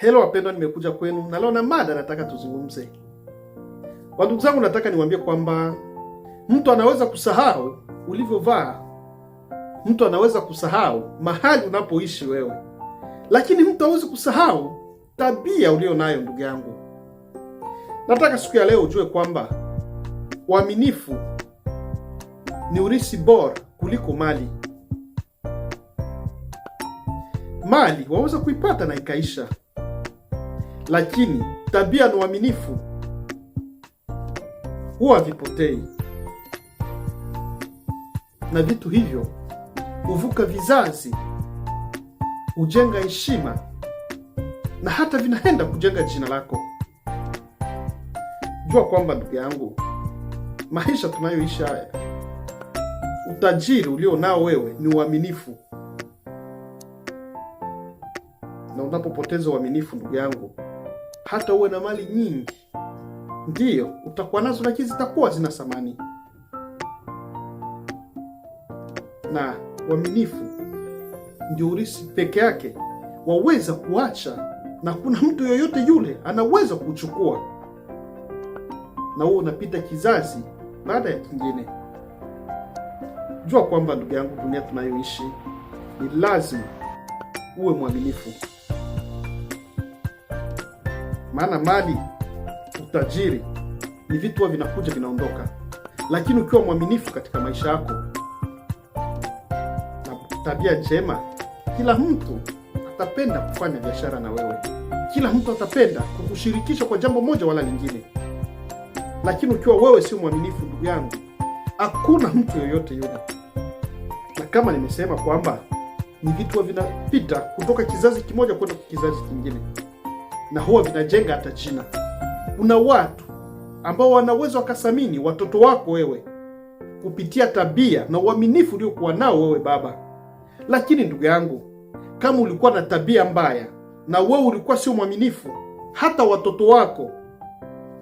Helo wapendwa, nimekuja kwenu na leo na mada nataka tuzungumze. Wandugu zangu, nataka niwaambie kwamba mtu anaweza kusahau ulivyovaa, mtu anaweza kusahau mahali unapoishi wewe, lakini mtu hawezi kusahau tabia ulio nayo. Ndugu yangu, nataka siku ya leo ujue kwamba uaminifu ni urithi bora kuliko mali. Mali waweza kuipata na ikaisha lakini tabia na uaminifu huwa havipotei, na vitu hivyo huvuka vizazi, hujenga heshima na hata vinaenda kujenga jina lako. Jua kwamba ndugu yangu, maisha tunayoishi haya, utajiri ulio nao wewe ni uaminifu, na unapopoteza uaminifu, ndugu yangu hata uwe na mali nyingi, ndiyo utakuwa nazo, lakini zitakuwa zina thamani. Na uaminifu ndio urithi peke yake waweza kuacha, na kuna mtu yoyote yule anaweza kuchukua, na huo unapita kizazi baada ya kingine. Jua kwamba ndugu yangu, dunia tunayoishi ni lazima uwe mwaminifu maana mali, utajiri ni vitu huwa vinakuja vinaondoka, lakini ukiwa mwaminifu katika maisha yako na tabia njema, kila mtu atapenda kufanya biashara na wewe, kila mtu atapenda kukushirikisha kwa jambo moja wala lingine. Lakini ukiwa wewe sio mwaminifu, ndugu yangu, hakuna mtu yoyote yule. Na kama nimesema kwamba ni vitu vinapita kutoka kizazi kimoja kwenda kizazi kingine na huwa vinajenga hata jina. Kuna watu ambao wanaweza wakathamini watoto wako wewe kupitia tabia na uaminifu uliokuwa nao wewe baba. Lakini ndugu yangu, kama ulikuwa na tabia mbaya na wewe ulikuwa sio mwaminifu, hata watoto wako,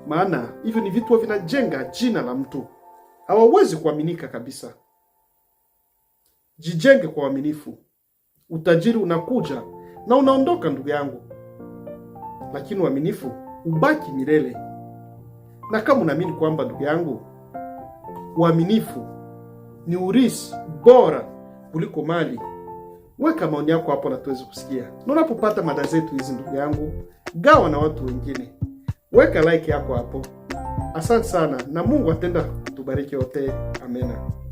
maana hivyo ni vitu vinajenga jina la mtu, hawawezi kuaminika kabisa. Jijenge kwa uaminifu, utajiri unakuja na unaondoka, ndugu yangu lakini uaminifu ubaki milele. Na kama unaamini kwamba, ndugu yangu, uaminifu ni urithi bora kuliko mali, weka maoni yako hapo na tuweze kusikia. Na unapopata mada zetu hizi, ndugu yangu, gawa na watu wengine, weka like yako hapo. Asante sana, na Mungu atenda kutubariki wote, amena.